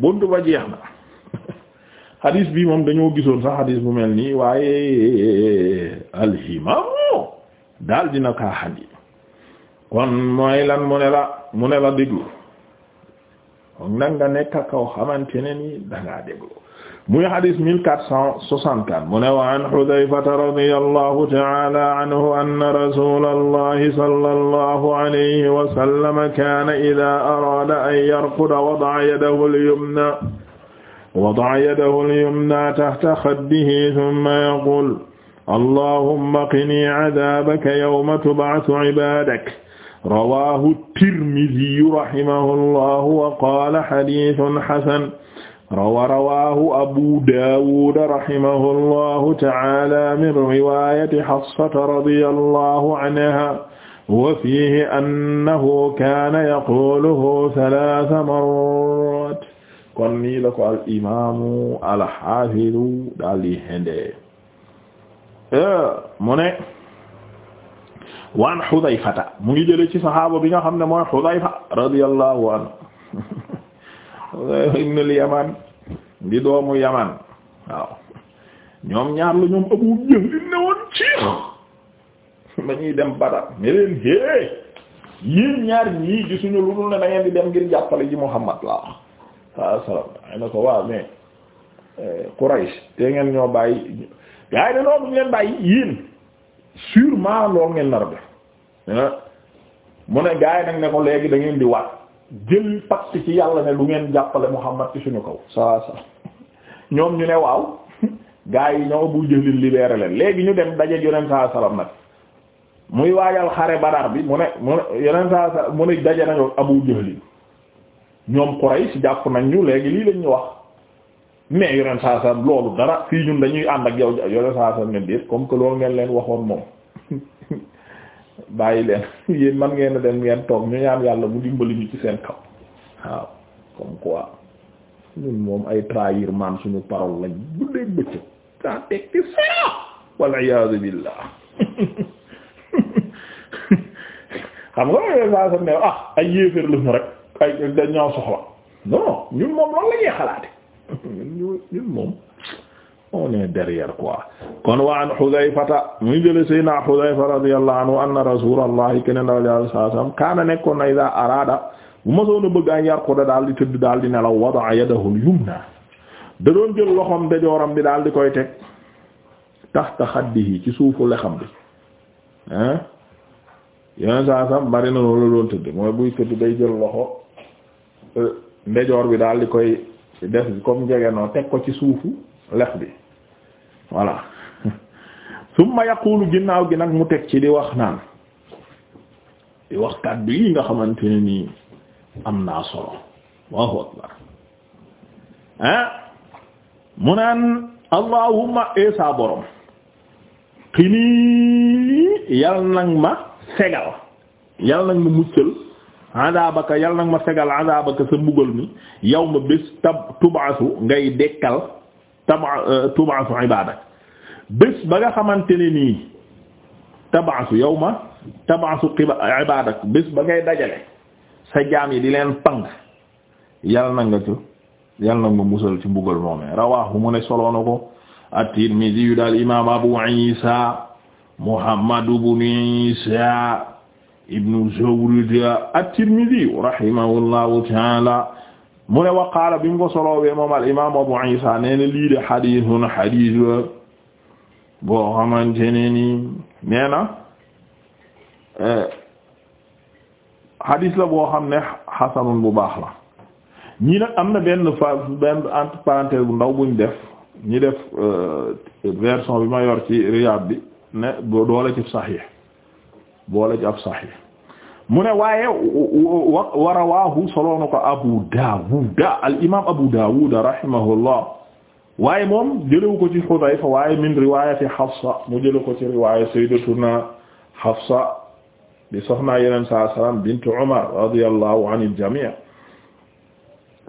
buntu ba jeex na xadis bii moom dañoo gisoon sax xadis bu mel nii waaye alhimaamu daal dina kaa xadi kon mooy lan mu ne la mu ne la déglu nag nga nekk kaw xamante ne nii dangaa déglu muy hadis 1464 mu ne wa an Hudhayfata radiyallahu ta'ala anhu anna rasulallahi sallallahu alayhi wa sallam kana idha arada an yarkuda wada'a yadahu al-yumna wada'a yadahu al-yumna tahta khaddihi thumma yaqulu allahumma qini adhabaka yawma tub'athu 'ibadak rawahu at-Tirmidhi rahimahullah wa qala hadithun hasan rawa rawahu abu dawud rahimahu allahu taala min riwayati hafsata radiyallahu anha wa fiihi annahu kaana yaquluhu salaasa marrat kon nii la ko al imaamu al haafidu daal di hende eh, mu ne waan Xudayfata mu ngi jële ci saxaaba bi nga xam ne mooy Xudayfa radiyallahu anhu Xudayfa ibn al-Yamaan di doomu yaman waaw ñoom ñaar la ñoom abu ba ñuy dem badar ne leen hée yéen ñaar ñii gisuñu lu dul ne da di dem ngir jàppale ji muhammad laa wax salaam ay na ko waaw mais eh, Quraysh te ngeen ñoo bay gaa yi danoo bu ngeen bàyyi yéen sûrement lool ngeen nar a def eh, mu ne gaa yi nag ne ko léegi da ngeen di waat jël pacte ci yàlla ne du ngeen jàppale Muhammad ci suñu kaw saa saa ñoom ñu ne waaw gaa yi ñoo bu jëlin libéré leen léegi ñu dem daje yonent saa salaam nag muy waajal xare Badar bi mu ne mu ne yonent saa salaam mu ne daje nañu Abu Jahl ñoom Quraysh jàpp nañ ñu léegi lii lañ ñu wax mais yonent saa salaam loolu dara fii ñun dañuy ànd ak yow yonent saa salaam ne déet comme que loolu ngeen leen waxoon moom bàyyi leen yéen man ngeen a dem ngeen toog ñu ñaan yàlla mu dimbali ñu ci seen kaw waaw comme quoi ñun moom ay trahir man suñu parole lañ guddee bëccëg sans teg ci sera wal iyaadu billah xam nga loolu saa sa ne ah ay yéeféer lu ñu rek ay dañ ñoo soxla non ñun moom loolu la ñuy xalaate ñun moom. on est derrière quoi kon wa an Hudhayfata muy jële sayna Hudhayfa radiyallahu anhu anna rasulallahi kene ndawal sallallahu alayhi wasallam kaana nekkoon na iza araada bu ma bëgg an yar ko da daal di tëdd daal di nelaw wada'a yadahu al-yumna da doon jël loxoom dajooram bi daal di koy teg tahta xaddihi ci suufu lexam bi ah yeneen saa sam bari na loolu doon tëdd mooy buy tëdd day jël loxo euh, ndejoor bi daal di koy def comme njege noo teg ko ci suufu lef bi voilà summa yaqulu ginnaaw gi nag mu teg ci di wax naan di wax kàddu yi nga xamante ne nii am naa solo Allahu akbar ah mu naan allahumma esa borom xinii yal nag ma segal yal nag ma muccal adabaka yal nag ma segal adabaka sa mbugal mi yow ma bés tab ngay dekkal tama euh, tubaasu ibaadak bés ba nga xamante ne nii tabaasu yawma tabaasu ibaadak bés ba ngay dajale sa jaam yi di leen pang yal na nga ci yal na nga musal ci mbugal moomee rawaahu mu ne solo na ko at-Tirmidhi yu daal imaam Abu Isa Muhammad ibn Isa ibnu Zawrida at-Tirmidhi rahimahullahu ta'ala mu ne wa qaala bi mu ko soloowee moom al imaam Abu Isa nee na lii de xadiisun xadiis la boo xamante ne nii nee na eh, xadiis la boo xam ne xasanun bu baax la ñii nag am na benn fa benn entre parenthèse bu ndaw buñ def ñi def eh, version bi ma yor ci Riyaad bi ne boole ci saxiix boole ci ab saxiix mu ne waaye wa rawaahu soloona ko Abu Daawud al imaam Abu Daawud rahimahullah waaye moom jëlewu ko ci Xudayfa waaye min riwaayati Hafsa mu jële ko ci riwaaya sayyidatuna Hafsa di soxnaa yeneen saa salaam bint Umar radiyallahu anil jamii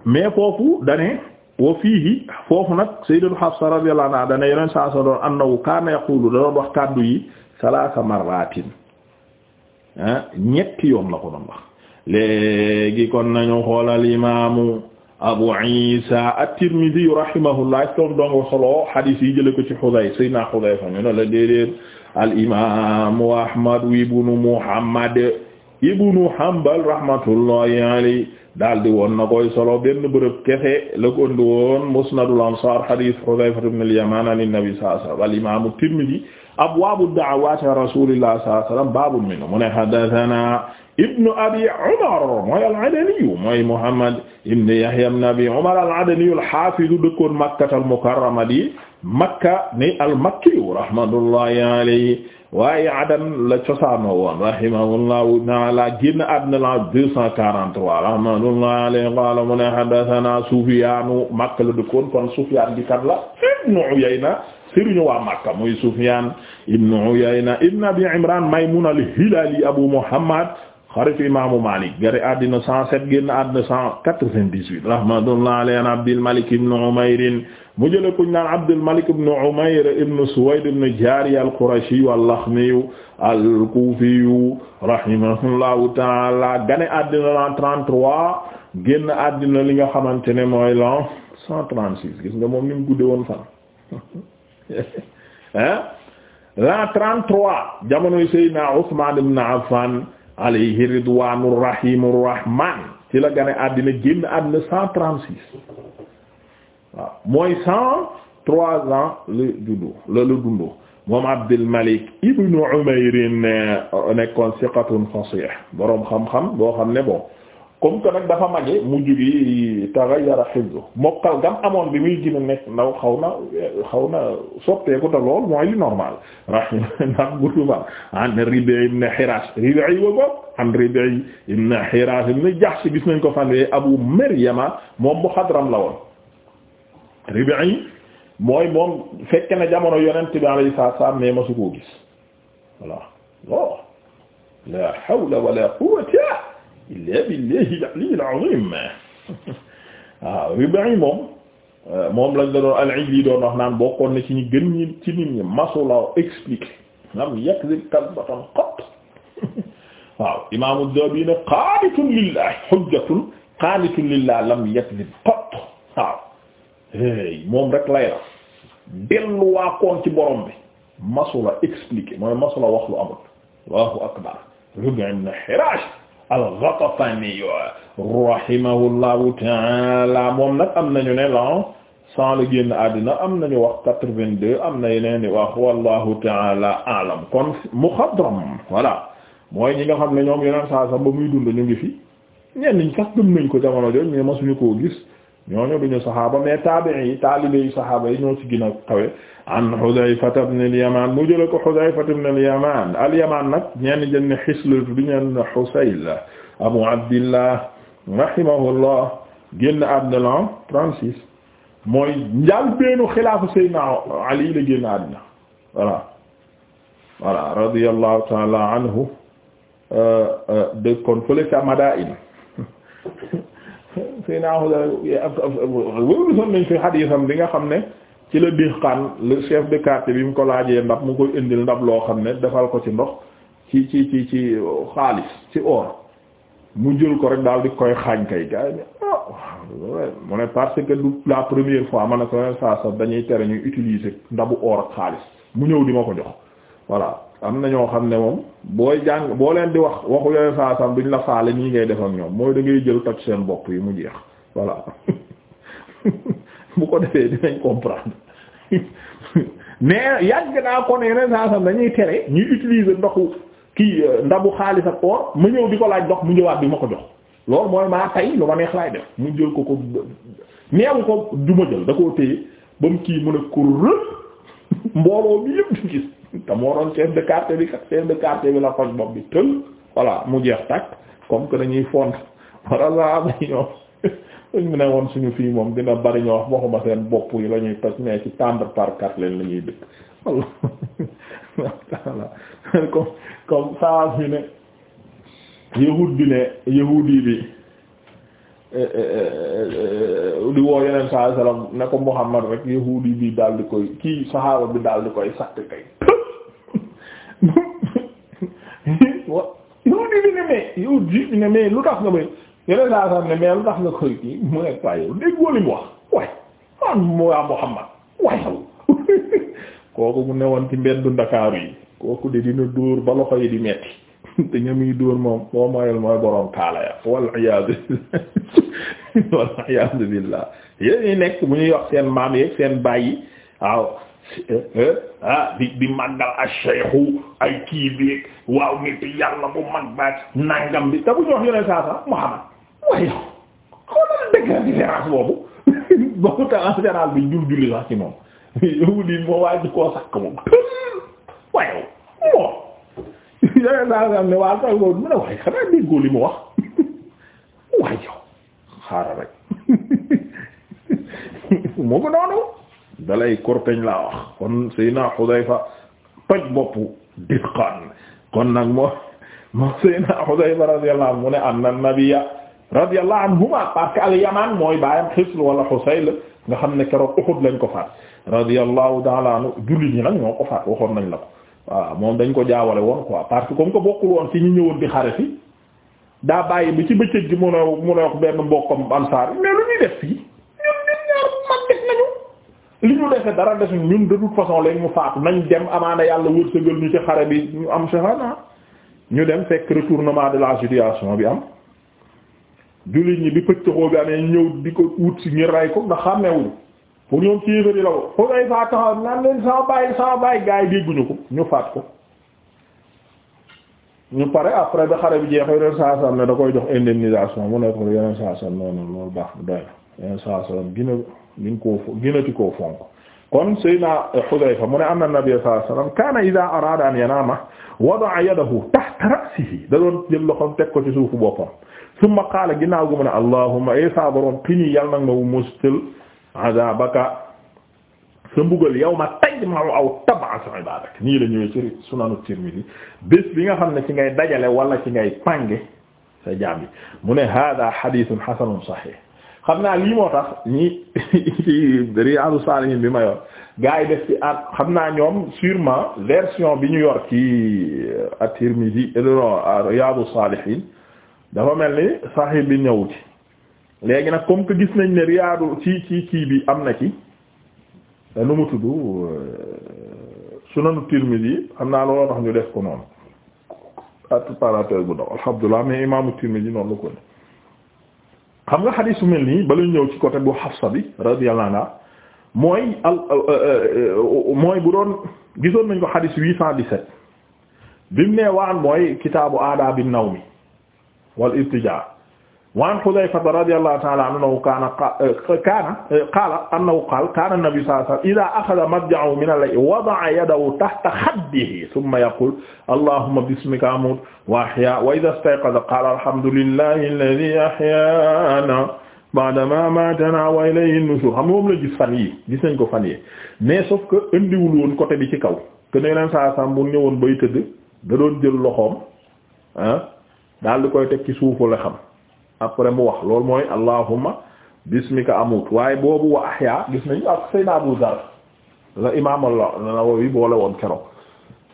mais foofu dane wa fiihi foofu nag sayyidatu Hafsa radiyallahu anha dane yeneen saa salaam doon annahu kaana yaqulu da doon wax kàddu yi salaasa marratin Ah, ñett yoon la ko doon wax léegi kon nañu xoolal imaamu Abu Isa at-Tirmidhi rahimahullah toom doonga soloo hadis yi jële ko ci Hudayfa sayyidina Hudayfa ñu ne la déedéet al imaamu Ahmad ibnu Muhammad ibnu Hanbal rahmatullahi alayhi daal di woon na solo benn bërëb kefe la ko indi woon Musnadul Ansar hadis Hudayfa ibn al-Yaman an-Nabi sallallahu alayhi wa sallam al imaamu abwaabu da'awaati rasuulillah sallallahu alayhi wa sallam baabun minhu mu ne haddathana ibnu abi umar mooy al-adaniyu mooy muhammad ibnu yahya ibnu abi umar al-adaniyu al-haafidu dëkkoon makkatal mukarrama di makka ni al-makkiyu rahmatullahi alayhi waaye adan la cosaanoo woon rahimahullahu ta'ala génn àddina la 243 rahmatullahi alayhi qaala mu ne haddathana sufyaanu makka la dëkkoon kon sufyaan di kat la ibnu uyayna sëriñu waa Makka muy Sufyan ibn Uyayna ibn Abi Imran Maymun al-Hilali Abu Muhammad xaritu imaamu Malik gari àddina rahmatullah alayhi an Abdul Malik ibn Umayr mu jële kuñ al-Qurashi al-Lakhmi al-Kufi rahimahullahu ta'ala gane àddina la 33 génn àddina li nga xamante ne mooy la 136 gis nga moom ni mu gudde fan hein l'an 33 jamonoy Seydina Usman ibn Affan alayhi ridwaanu rahimu rahman ci la gane àddina génn àddina 136 waaw mooy 103 ans la juddu la la dundu moom Abdul Malik ibn Umayr nekkoon siqatun fasih boroom xam-xam boo xam ne bon comme que nag dafa mage mujj gi taghayyara hifzu mokkal gam amoon bi muy gën a nekk ndaw xaw na xaw na soppeeku te lool mooy li normal rahim ndax gutuma an Rib'i ibn Hirash Rib'i wa bopp an Rib'i ibn Hirash gis nañ ko fan we Abu Maryama moom muxadram la woon Rib'i mooy moom fekke na jamono yonent bi alayhi salaam mais ma su koo gis voilà oh. la hawla wala quwwata illa billahi al-ali al-azim waaw ah, moom la doon al-Ijli yi doon wax naan bokkoon na ci ñi gën ñi ci nit ñi masulaw qat waaw imaamu Dhahabi ne qaanitun lillahi hujjatun qaanitun lillahi lam yakzib qat waaw moom rek lay la delluwaakoon ci borom bi masula expliqué mooy masula wax lu amul Allahu akbar Ribéry na Hiraash al-Ghatafani rahimahullahu ta'ala moom nag am nañu ne lan sans génn àddina am nañu wax quatre-vingt-deux am na yeneen wax wallahu ta'ala a'lam kon muxadram wala mooy ñi nga xam ne ñoom yeneen saa sax ba muy dund ñu ngi fi ñenn ñi sax gëm nañ ko jamono jooju mais masuñu koo gis ñooñu duñu saxaaba mais taabi'i saxaaba yi ñoo ci a kawe an Hudayfata ibn al-Yaman mu jële ko Hudayfata al-Yaman al-Yaman nag ñenn jël ne Hisl du ñenn Husayl Abu Abdillah rahimahullah génn àddina l'an 36 mooy njaal beenu xilaafu Seydina Ali la génn àddina voilà voilà radiyallahu ta'ala anhu euh, euh, dëkkoon fële ca Madain sëy naa gisoon nañ fi xadiisam bi nga xam ne ci la Dihqaan le chef de quartier bi mu ko laajee ndab mu koy indil ndab loo xam ne defal ko ci ndox ci ci ci ci xaalis ci or mu jël ko rek daal di koy xaañ kay gars yi ah mu ne parce que du la première fois man ne ko saa sax dañuy tere ñuy utiliser ndabu or ak xaalis mu ñëw di ma ko jox voilà am na ñoo xam ne moom booy jàng boo leen di wax waxu yooyu saasam duñ la faale nii ngay def ak ñoom mooy dangay jël toj seen bopp yi mu jeex voilà bu ko defee dinañ comprendre mais yàgg naa ko ne yeneen saasam dañuy tere ñuy utiliser ndoxu kii euh, ndabu xaalis ak or ma ñëw di ko laaj ndox mu ñëwaat bi ma ko jox loolu mooy maa tay lu ma neex laay def mu jël ko ko neewu ko du ma jël da koo téye ba mu kii mu ne ko rë mbooloo mi yëpp di gis te moo doon chef de quartier bi kat bi la xoj bopp bi tël voilà mu jeex tàkk comme que dañuy fond wala saa yi ñoom dañ mu ne woon suñu fii moom dina bari ñoo wax waxuma seen bopp yi la ñuy toj mais ci tendre par carte leen la ñuy dëkk walla comme comme saa bi ne yahud bi ne yahudi bi di woo yeneen saa sallam ne ko Muhammad rek yahudi bi daal di koy kii saxaaba bi daal di koy sakk kay mais yow ji ne mais lu tax nga may yeneen saa sax ne mais lu tax nga koy kii mu nekk waaye yow dégg nga wax waaye man Mouya Mouhamad waaye kooku mu newoon ci mbeddu Ndakaaru yi kooku de dina dóor ba loxo yi di metti te ñamuy dóor moom moo mayul mooy borom kaala ya wal iyaadu wal iyaadu billah yéen ñi nekk mu ñuy wax seen maam yeeg seen baay waaw. Eh, eh, ah di di màggal ash-shaykhu ay kii bi waaw nit yàlla bu mag nangam bi te bu ñu wax yeneen saa saa Muhammad waaye yow xoolal dëgg différence boobu boobu te en général bi jur julli sax ci moom yow di moo waaye koo sakk moom waaye moom yeneen saa saa ne waa saa boobu mu ne waaye xanaa déggoo wax moo ko noonu dalay korpeñ laa wax kon Seydina Xudayfa toj boppu Dihqaan kon nag moo moo Seydina Xudayfa radiyallahu anhu mu ne anna nabiyya radiyallahu anhuma parce que al-Yaman mooy baayam Xisl wala Xusayl nga xam ne keroog Uhud lañ ko faat radiyallahu ta'ala anhu jullit ñi nag ñoo ko faat waxoon nañ la ko waaw moom dañ ko jaawale woon quoi parce que comme que bokkul woon ci ñu ñëwoon di xare fi daa bàyyi bi ci bëccëg mu ne mu ne wax benn mbokkam ansaar mais ñuy def fii li ñu defe dara desuñ ñun de toute façon léegi mu faatu nañ dem amaana yàlla wërsëgal ñu ci xare bi ñu am shahada ñu dem fekk retournement de la situation bi am jullit ñi bi pëccëxoo bi amee ñëw di ko wut si ñu rey ko nga xàmmewul pour ñoom ci yéefari la ko pour ay faat taxaw naan leen sama bàyyi sama bàyyi gaa yi ko ñu faat ko ñu pare après da xare bi jeexee yeneen saa saa ne da koy jox indemnisation mu nekk yeneen saa saa noonu loolu yeneen saa salaam gina gin koo ginati koo fonk kon Seydina Hudayfa mu ne anna Nabiyya sallallahu alayhi wasallam kaana idhaa araada an yanaama wada'a yadahu tahta ra'sihi da doon jël loxoom teg ko ci suufu boppam summa qaala ginnaaw gi mu ne allahumma ay saa borom qiñi yal nag ma mustil azaabaka sa mbugal yawma tajma'u aw tab'asu ibaadak nii la ñëwee ci sunanu Tirmidhi bés bi nga xam ne ci ngay dajale wala ci ngay pànge sa jaam yi mu ne haadaa hadiisun hasanun sahiih xam naa lii moo tax ñi ci Riyadou Salihine bi ma yor gars yi def ci at xam naa ñoom sûrement version bi ñu yor ci euh, at-Tirmidhi euh, non Riyadou Salihine dafa mel ni Sahih bi ñëw ci léegi nag comme que gis nañ ne Riyadu ci ci kii bi am na ci nu mu tudd euh, Sunanu yi xam naa looloo tax ñu def ko noonu at parenthèse bu ndaw alhamdulilah mais imaamu Tirmidhi noonu la ko ne xam nga xadiis su mel nii bala ñëw ci côté bu Hafsa bi radiyallahu anha mooy euh, euh, mooy bu doon gisoon nañ ko xadiis 817 bi mu nee waan mooy kitaabu aadaabi mi wal irtijaa wa an Hudhayfata radiyallahu ta'ala anhu kaana kaana qaala annahu qaala kaana an-nabiyyu sallallahu alayhi wa sallam idha akhadha madja'ahu min al-layl wada'a yadahu tahta khaddihi thumma yaqulu allahumma bismika amuutu wa ahyaa wa idha istayqadha qaala alhamdulillahi alladhi ahyaanaa ba'da maa maatanaa wa ilayhi an-nushuur xam moom la gis fan yi gis nañ ko fan yi mais sauf que indiwul woon côté bi ci kaw que ne leen saa sàmm bu ñëwoon bay tëdd da doon jël loxoom ah daal di koy teg ci suufu la xam. après mu wax loolu mooy allahumma bismika amut waaye boobu wa ahya gis nañu ak sayna Abu Zar la la an-Nawawi boole woon keroog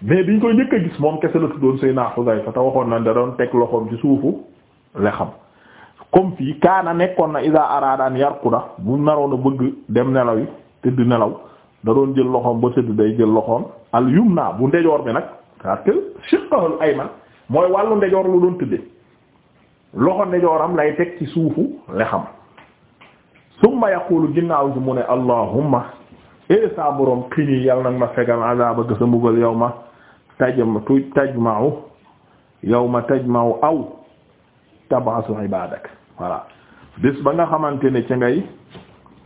mais biñ koy njëkk a gis moom kese la tuddoon sayna Xudayfa te waxoon nañ da doon teg loxoom ci suufu le xam comme fii kaana nekkoon na iza araada an yarquda bu naroon a bëgg dem nelaw yi tëdd nelaw da doon jël loxoom ba tëdd day jël loxoom al yumna bu ndejoor bi nag parce que shiqqahu ayman mooy wàllu ndejoor loxo ndeyjooram lay teg ci suufu lexam summa yaqulu ginnaaw gi mu ne allahumma ee eh saa boroom xini yal nag ma fegal azaabaka sa mbugal yow ma tajma tu tajma'u yow ma tajma'u aw tabasu ibadak voilà bis ba nga xamante ne ci ngay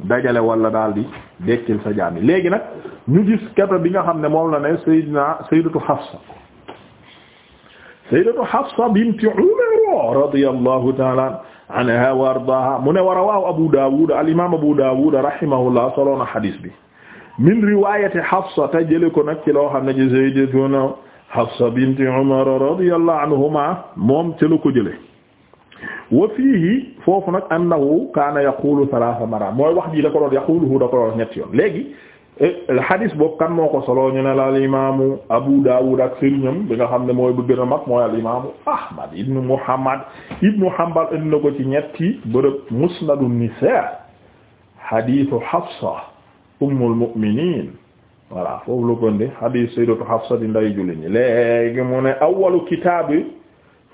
dajale wala daal di dekkil sa jaam yi léegi nag ñu gis kata bi nga xam ne moom la ne sayyidina sayyidatu Hafsa sayyidatu Hafsa binti Umar radiyallahu ta'ala anha wa ardaha mu ne war a waaw Abu Dawud al-imam Abu Dawud rahimahullah solo na hadis bi min riwayati Hafsa te jële ko nag ci loo xam ne ci sayyidatuna Hafsa binti Umar radiyallahu anhuma moom ci la ko jële wa fiihi foofu nag annahu kaana yaqulu thalatha mara mooy wax ji da ko doon yaquluhu da ko doon ñetti yoon léegi xadis eh, boobu kan moo ko solo ñu ne la al imaamu Abu Dawud ak sëriñam bi nga xam ne mooy bu gën a mag mooy al imaamu Ahmad ibnu Muhammad ibnu Hanbal indi na ci ñetti bërëb Musnadu Nisaa xadisu Hafsa ummul mu'minin voilà foofu la ko indi xadisu Hafsa di nday julli ñi léegi mu ne awwalu kitaabi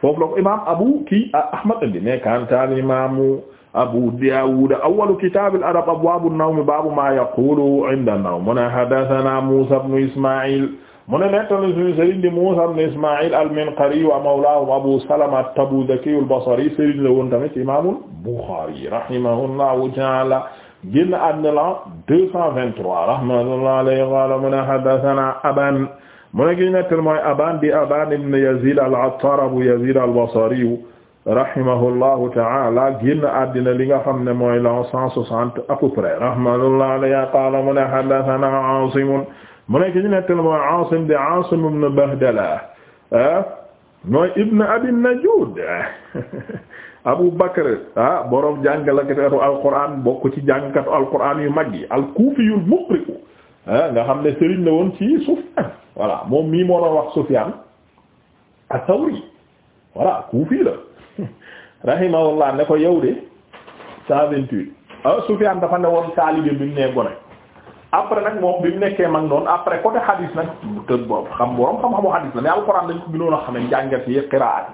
foofu la ko imaam Abu kii Ahmad indi ne kanta al imaamu abu dawud awwalu kitab al adab abwabu an-nawm babu ma yaqulu inda an-nawm mu ne hadathana musa ibn isma'il mu ne nettali suñu sëriñ di Muusaa ibn Ismaa'iil al-Minqari wa mawlaahum Abu Salama at-Tabuzaki al-Basri sëriñ la woon tamit Imaamul Buxaari rahimahullahu ta'aala génn àdduna la 223 rahmatullahi alayhi qaala mu ne haddathanaa Abaan mu ne ki nettali mooy Abaan di Abaan ibn Yaziid al-Attaar Abu Yaziid al-Basri rahimahullahu ta'ala génn àddina li nga xam ne mooy la cent soixante à peu près rahmatullah alayhi qaala mu ne haddathana Aasim mu ne ki ñu nettal mooy Aasim di Aasim ibn Bahdala ah, mooy ibn Abi Najud Abu Bakr ah borom jàngalekatu alquran bokk ci jàngkatu alquran yu mag yi al ah, nga xam ne Serigne la woon ci Sufyan voilà moom mii wax Sufyan at-Thawri voilà Kufi la. rahimahullah ne ko yow de cent vingt-huit ah Sufyaan dafa ne woon taalibe bi mu nee gone après nag moom bi mu nekkee mag noonu après côté hadis nag te boobu xam borom xam-xamu hadis la mais alxuraan dañ ko gënoon a xamee njàngat yi xiraat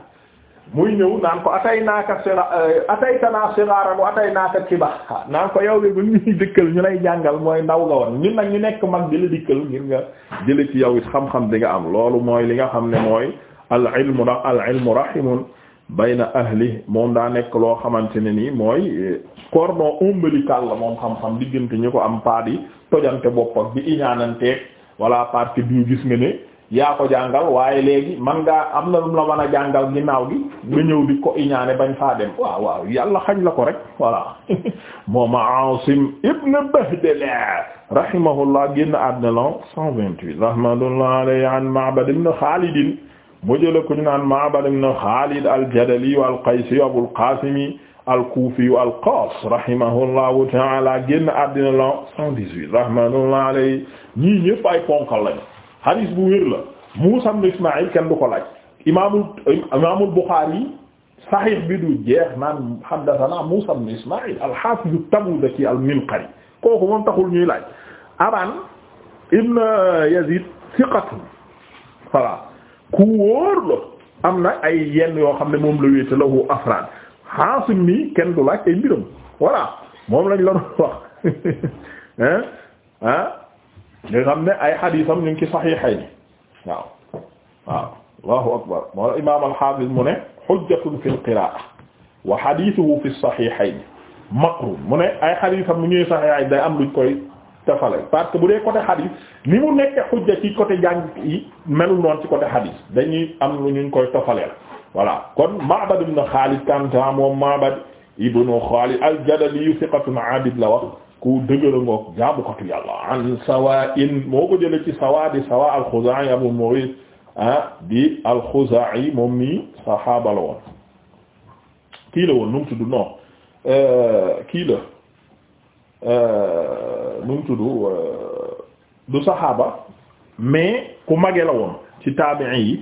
yi naan ko atay naaka sira euh, atay tanaa siraaran wa atay naaka ko yow de bu dikkal ñu lay jàngal mooy ndaw nga woon ñun nag ñu nekk mag di la dikkal ngir nga jële ci yow it xam-xam di nga am loolu mooy li nga xam ne mooy al ilmu al ilmu rahimun bayna ahli moom daa nekk loo xamante ne nii mooy eh, cordon ombilical la moom xam-xam diggante ñu ko am pas di tojante bopp bi iñaananteeg walaa parce que du gis nga ne yaa ko jàngal waaye léegi man ngaa am na lu la mën a jàngal ginnaaw gi nga ñëw di ko iñaane bañ faa dem waaw waaw yàlla xañ la ko rek voilà moom Aasim ibn Bahdala rahimahullah génn àddina cent vingt-huit rahmatullah alayhi an Ma'bad ibn mu jële ko ñu naan Ma'bad ibn Khalid al-Jadali al-Qaysi Abul Qasim al-Kufi al-Qas rahimahullahu ta'ala génn àddina la 118 rahmatullahi alayhi ñii ñëpp ay ponkal lañu hadis bu wér la Musa ibn Ismaïl kenn du ko laaj imaamul imaamul Bukhari sahih bi du jeex naan haddathana Musa ibn Ismaïl al-Hafiz at-Tabuzaki al-Minqari kooku moom taxul ñuy laaj Aban ibn Yazid thiqatun voilà ku wóor am na ay yenn yoo xam ne moom la wéeta lahu afrad xaasim nii kenn du laaj ay mbiram voilà moom lañ la wax hein hein nga xam ne ay xadiisam ñu ngi ci saxiixay ni waaw waaw allahu akbar moo la imaam mu ne xujjatun fi al-qiraa'a wa xadiisuhu fi as-saxiixayn maqrun mu ne ay xadiisam mu am luñ koy parce que bu dee côté xadis ni mu nekk xujja ci côté jàng yi melul ci côté xadis dañuy am lu ñu koy tofaleel voilà kon Ma'bad ibn Khalid kanta moom Ma'bad ibn Khalid al-Jadali thiqatun la wax ku dëgëra ngoog jaabukatu yàlla an sawa in moo ko jële ci sawa di sawa al-Khuzai Abu Mughith ah al-Khuzai moom nii saxaaba woon kii la woon nu mu euh, nu mu tudd euh, du saxaaba mais ku mage la woon ci taabi'i yi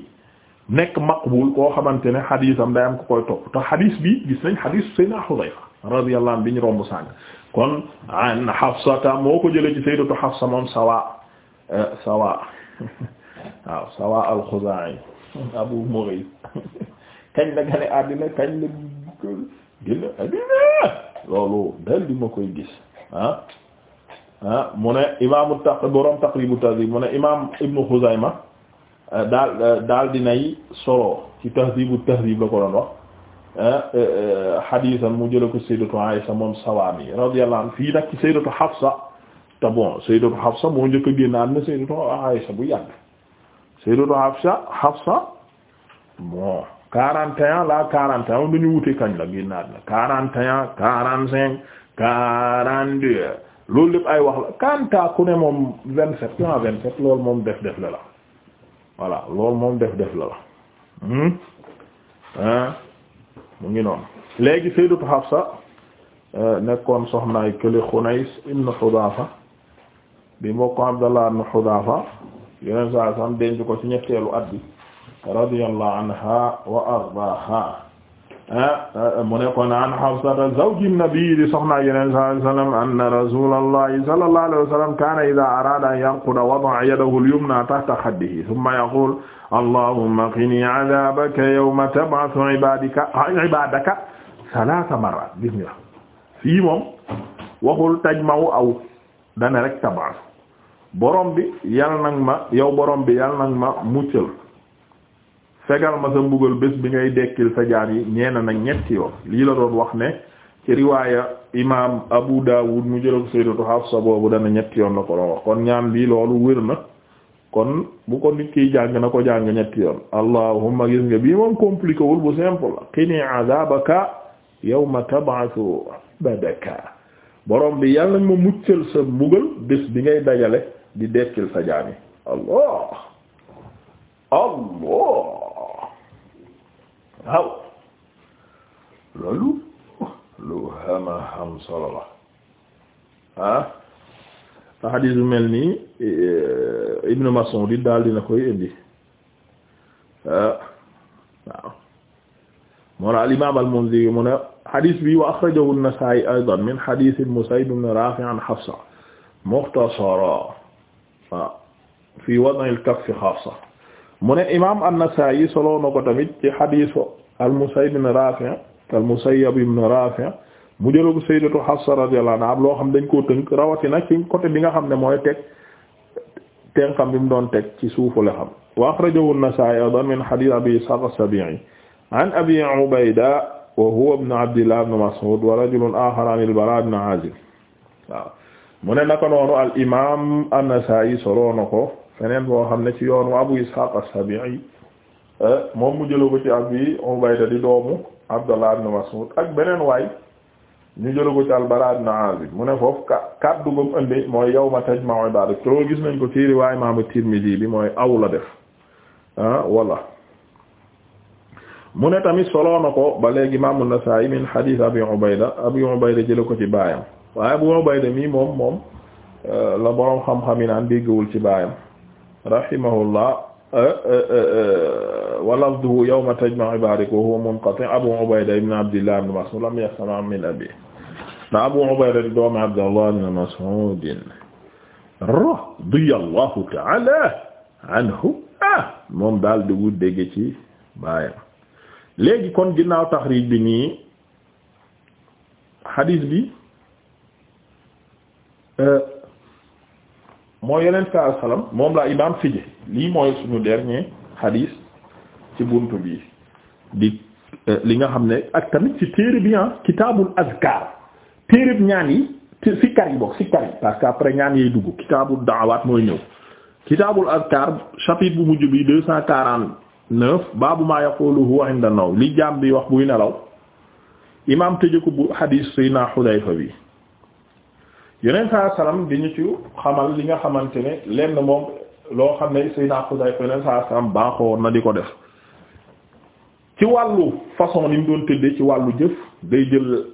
nekk maqbul koo xamante ne xadiisam day am ku koy topp te xadiis bi gis nañ xadiis Seydina Xudayfa radiyallahu anhu bi romb sàng kon an Xafsata moo ko jëlee ci sayyidatu Xafsa moom sawa euh, sawa waaw sawa al-Xuzaa'i Abu Mughis kañ la gane àddina kañ la gën loolu dal di koy gis ah. Ah, mu ne imaamu taq borom taqribu tahdib mu ne imaam ibnu Xuzayma ah, daal ah, daal dinay ci tahdibu tahdib la ko doon wax hadisan mu jële ko sayyidatu Aisha moom sawaami radiyallahu anha fii nag ci sayyidatu Hafsa te bon sayyidatu Hafsa moo njëkk a génn am na sayyidatu Aisha bu yàgg sayyidatu Hafsa Hafsa bon 41 la 41 moom dañu wute kañ la génnaat na 41 45 loolu lépp ay wax la kanta ku ne moom vingt sept cent vingt sept loolu moom def def la la voilà loolu moom def def la la hmm? mu ngi noonu léegi sayyidatu Hafsa euh, nekkoon soxnaay kële Xunays ibn Xudaafa bi moo ko Abdallah ibn Xudaafa yeneen saa sam denc ko ci ñetteelu at bi radiyallahu anha wa ardaaha Ah, mu ne kon an Hafsata zawji nabi di soxna yeneen sallallahu alayhi wa sallam anna rasulallahi sallallahu alayhi wa sallam kana idha arada an yarquda wada'a yadahu al-yumna tahta khaddihi thumma yaqulu allahumma qini 'adhabaka yawma tab'athu 'ibadaka 'ibadaka thalatha marrat gis nga fii moom waxul tajma'u aw dana rek tab'athu borom bi yal nag ma yow borom bi yal nag ma muccal fegal ma sa mbugal bés bi ngay dekkil sa jaam yi ñeena na ñetti yoon lii la doon wax ne ci riwaaya imaam Abu Dawud mu jëlal sayyidatu Hafsa boobu dana ñetti yoon la ko doon wax kon ñaan bi loolu wér na kon bu ko nit kiy jàng na ko jàng ñetti yoon allahumma gis nga bii moom compliqué wul bu simple la qini yow yawma tab'athu badaka borom bi yàlla ma muccal sa mbugal bés bi ngay dajale di dekkil sa jaam yi allah allah waaw loolu lu hama am solo la ah hadis bu mel nii e, Ibn Mas'ud di daal dina koy indi ah waaw moo la al-imam al-Munziri mu ne hadis bi wa akhrajahu an-Nasa'i aydan min hadis al-Musayyib ibn Rafi' an Hafsa mukhtasara ah, fi wad' al-kaff khassa mu ne imaam an-Nasaa'i soloo na ko tamit ci xadiisu al-Musayyib ibn Raafi' al-Musayyab ibn Raafi' mu jëloon sayyidatu Hafsa radiyallahu anha loo xam dañ koo tënk rawatina ci côté bi nga xam ne mooy teg tënkam bi mu doon teg ci suufu la xam. wa akhrajahu an-Nasaa'i aydan min hadiis Abi Ishaaq as-Sabi'i an Abi Ubayda wa huwa ibn Abdillah ibn Mas'ud wa rajulun aakhar an al-Baraa ibn Aazib waaw mu ne naka noonu al imaam an-Nasaa'i soloo na ko. feneen boo xam ne ci yoonu Abu Ishaq as-Sabi'i eh, moom mu jëla ko ci Abi Ubayda di doomu Abdullah ibn Mas'ud ak beneen waay ñu jëla ko ci al-Bara ibn mu ne foofu ka kaddu ba mu indi mooy yawma tajma'u ibadak too gis nañ ko ci riwaaya Imam Tirmidhi bi mooy awla def ah wala mu ne tamit soloo na ko ba léegi Imam An-Nasa'i min hadith Abi Ubayda Abi Ubayda jëla ko ci baayam waaye Abu Ubayda mii moom moom eh, la boroom xam-xam yi naan déggawul ci baayam rahimahullah euh, euh, euh, wa lafduhu yawma tajma'u ibaadaka wa huwa munqati' Abu Ubayda ibn Abdillah ibn Mas'ud lam yasma' min abiihi na Abu Ubayda doomu Abdallah ibn Mas'ud radiyallahu ta'ala anhu ah, moom daal di dégg ci baayam léegi kon ginnaaw taxriij bi nii hadis bi. moo yeneen saa salaam moom la imaam fije lii mooy suñu dernier hadis ci buntu bi di euh, li nga xam ne ak tamit ci téere bi ah kitaabul azkar téere bi ñaan yi si kar yi bokk si yi parce que après ñaan yiy dugg kitaabul daawaat mooy ñëw kitaabul azkar chapitre bu mujj bi deux cent quarante neuf baabu maa yaqulu huwa inda naw li jaam bi wax buy nelaw imaam tëje ko bu hadis sayna Xudayfa bi yeneen saa salaam di ñu ci xamal li nga xamante ne lenn moom loo xam ne Seydina Xudayfa yeneen saa salaam baaxoo na di ko def ci wàllu façon ni mu doon tëddee ci wàllu jëf day jël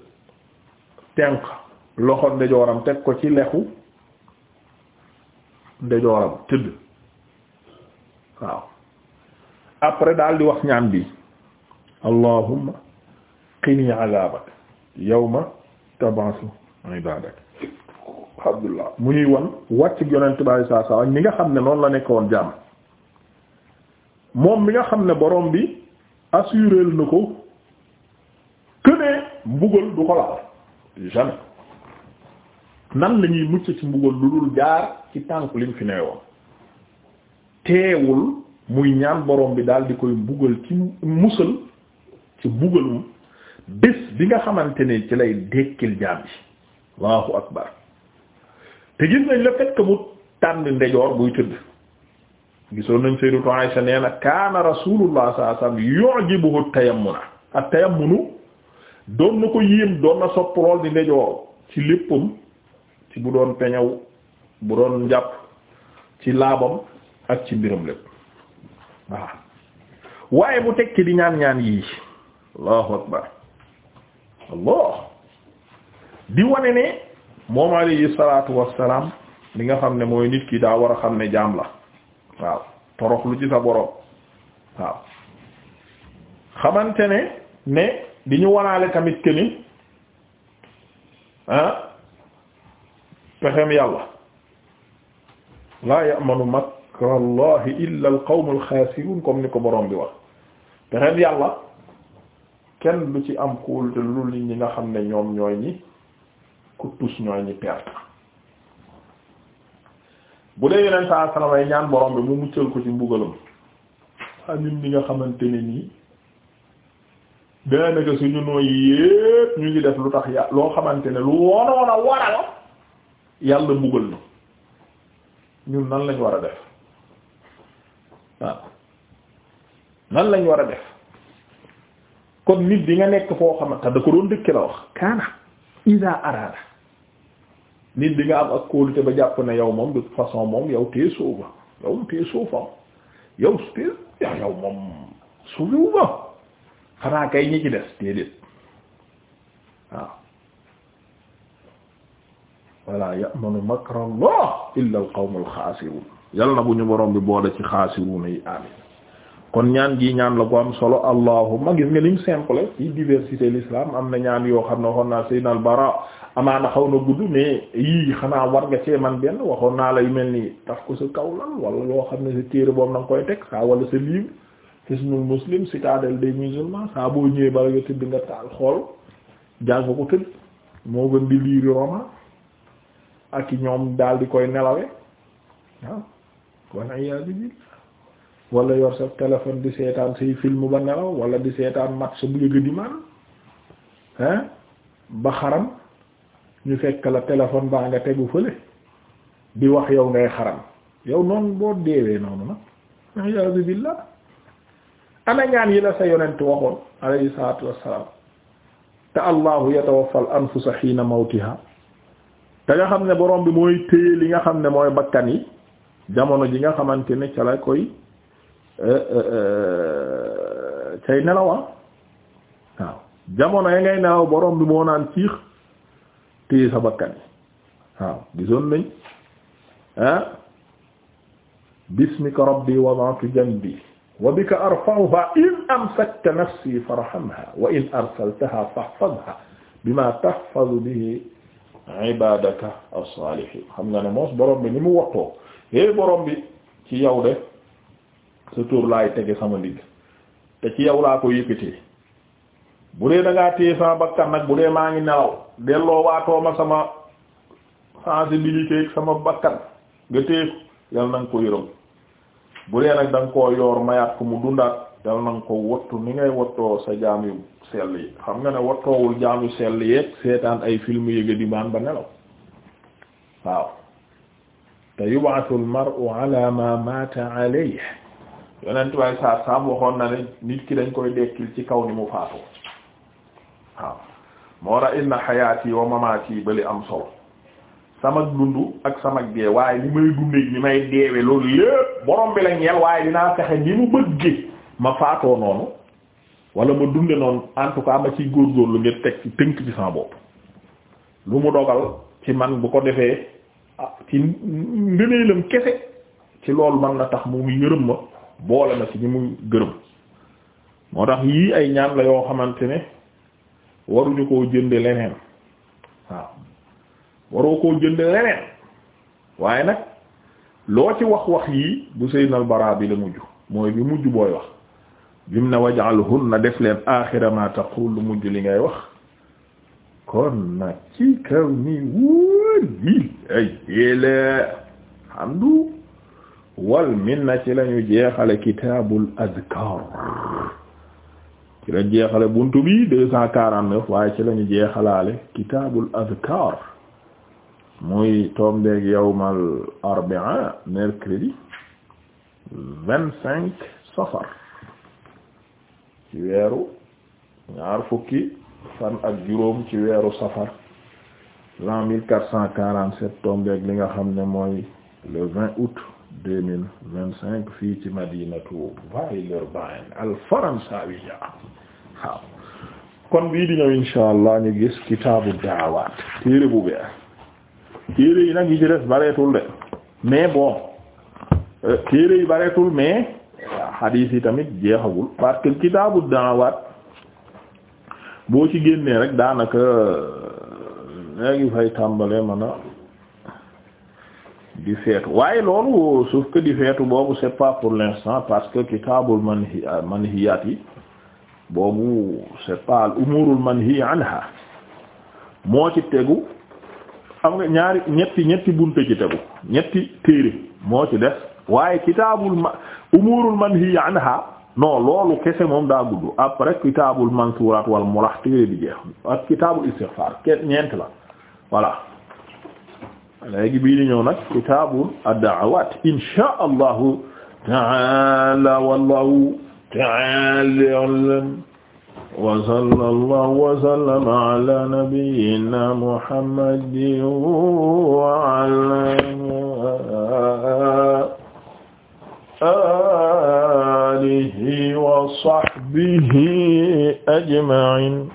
tenq loxo ndejooram teg ko ci lexu ndejooram tëdd waaw après daal di wax ñaan bi allahumma qini azabak yawma tabasu ibadak Abdullah mu ñuy won wàcc yonent bi saa saa mi nga xam ne noonu la nekkoon jàmm moom mi nga xam ne borom bi assuré na ko que ne mbugal du ko laal jamais nan lañuy mucc ci mbugal lu dul jaar ci tànk liñ mu fi newoon teewul muy ñaan borom bi daal di koy mbugal ci musal ci mbugalum bés bi nga xamante ne ci lay dekkil jaam bi Allahu akbar te gis nañ le fait que mu tànn ndejoor buy tëdd gisoon nañ sayyidatu Aisha nee na kaana rasulullah sallallahu alayhi wasallam yu'jibuhu at-tayammunu at-tayammunu doon na ko yéem doon na sopp lool di ndejoor ci léppam ci bu doon peñaw bu doon njàpp ci laabam ak ci mbiram lépp waaw waaye mu tekki di ñaan ñaan yii allahu akbar allah di wane ne moom alayhi salaatu wassalaam li nga xam ne mooy nit ki daa war a xam ne jaam la waaw toroxlu ci sa boroom waaw xamante ne ne di ñu wanaale tamit que ni ah pexem yàlla laa ya'manu makra allahi illa al qawmul xaasirun comme ni ko boroom bi wax pexem yàlla kenn du ci am kóolute lu ñi nga xam ne ñoom ñooy ñi ku tus ñooy ñi bu dee yeneen saa salaamay ñaan borom bi mu muccal ko ci mbugalam waa ñun ñi nga xamante ne nii daanaka suñu nooy yépp ñu ngi def lu tax yà- loo xamante ne lu waroon a waral yàlla mbugal na ñun nan lañ war a def waaw nan lañ war a def kon nit bi nga nekk foo xamante da ko doon dëkke la wax kaana iza araada nit di nga am ak kóolute ba jàpp ne yow moom façon moom yow tee sauve yow tee sauve am yow tee yow moom sauve wu ba xanaa kay ñi ci des déedéet waaw wala ya'manu makra illa al qawmul xaasirun bu ñu borom bi boole ci xaasiruna yi amin kon ñaan gi ñaan la ko am solo allahumma gis nga lim simple ci diversité l'islam am na ñaan yoo xam ne waxoon naa sayyidna al bara amaana xaw na gudd mais yii xanaa war nga cee man benn waxoon naa la yu mel nii taf ko sa kaw la wala loo xam ne sa téere boobu na koy teg saa wala sa livre Hisnul Muslim citadelle des musulmans saa boo ñëwee bala nga tëdd nga taal xool jàng ko tëdd moo gën di lire roman ak ñoom daal di koy nelawe waaw kon ay yaa wala yor sa téléphone di seetaan say film ba nelaw wala di seetaan match bu yëga di maan ah ba xaram ñu fekk la téléphone baa nga tegu fële di wax yow ngay xaram yow noonu boo deewee noonu nag ayaazu billah ana yi la sa yonent waxoon alayhi salaatu wassalaam te allahu yatawaffal anfusa xiina mawtiha te nga xam ne borom bi mooy téye li nga xam ne mooy bakkan yi jamono ji nga xamante ne ca la koy cay euh, euh, euh, nelaw ah waaw jamono ya ngay nelaw borom bi moo naan ciix téye sa bakkan waaw gisoon nañ ah bismika rabbi wada'tu janbi wa bika arfa'uha in amsakta nafsi farhamha wa in arsaltaha fahfazha bima tahfazu bihi ibadaka as-salihin xam nga ne moos borom bi ni mu waxtoo é eh, borom bi ci yow de sa tur laay tege sama ndigg te ci yow laa ko yëkkatee bu dee da téye sama bakkan nag bu dee maa ngi nelaw delloo waatoo ma sama sensibilité sama bakkan nga téye yal na nga ko yërëm bu dee nag da nga yoor mayaat ko mu dundaat yal na nga ko wattu ni ngay wattoo sa jaam yu sell yi xam nga ne wattoowul jaam yu sell yeeg seetaan ay film yëga di maan ba nelaw waaw te yub'athul mar'u ala ma mata alayhi yonent waaye saa saam waxoon na ne nit ki dañ koy dekkil ci kaw ni mu faatoo waaw moo tax inna xayaati wa mamaati bali am solo samag dund ak samag dee waaye li may dundee ni may deewe loolu lépp borom bi la ñeel waaye dinaa fexe ni mu bëggee ma faatoo noonu wala ma dunde noonu en tout cas góor ci góorgóorlu ngir teg ci tënk ci sama bopp lu mu dogal ci man bu ko defee ah ci ngëneelam kese ci loolu mën na tax mu ngi yërëm ma boole na ci ñi mu gërëm moo tax yii ay ñaan la yoo xamante ne waruñu koo jënd leneen waaw waroo koo jënde leneen waaye nag loo ci wax wax yii bu sayyidnal Baraa bi la mujj mooy bi mujj booy wax bim na def leen aaxira ma taqul lu mujj li ngay wax kon nag ci kaw ni wóor yi ay yéele hamdu wal minna ci lañu jeexale kitaabul azkaar ci lañ jeexale buntu bi deux cent quarante-neuf waaye ci lañu jeexalaale kitaabul azkaar muy tombeeg yawmal arbaa mercredi vingt-cinq safar ci weeru ñaar fukki fan ak juróom ci weeru safar l'an mille quatre cent quarante-sept tombeeg li nga xam ne mooy le vingt août deux mille vingt cinq fii ci madinatu Villeurbanne al faransawiya waaw kon bii di ñëw insha allah ñu gis kitaabu daawaat téere bu beer téere yi nag yi ci des bareetul de mais bon euh, téere yi bareetul mais hadith yi tamit jeexagul parce que kitaabu daawaat boo ci génnee rek daanaka euh, léegi fay tàmbalee man di feetu waaye loolu sauf que di feetu boobu c'est pas pour l'instant parce que kitaabul manhi euh, manhiyaat yi boobu c'est pas al umurul manhi anha moo ci tegu am nga ñaari ñetti ñetti bunte ci tegu ñetti téere moo ci def waaye kitaabul ma umurul manhi anha non loolu kese moom daa gudd après kitaabul mansuuraat wal mulah téere bi jeex ak kitaabul istighfar kenn ñeent la voilà léegi bii di ñëw nag kitaabu ad-da'awaat insha allahu ta'ala wallahu ta'ala a'lam wa sallallahu wa sallama ala nabiyyina muhammadin wa ala alihi wa sahbihi ajma'in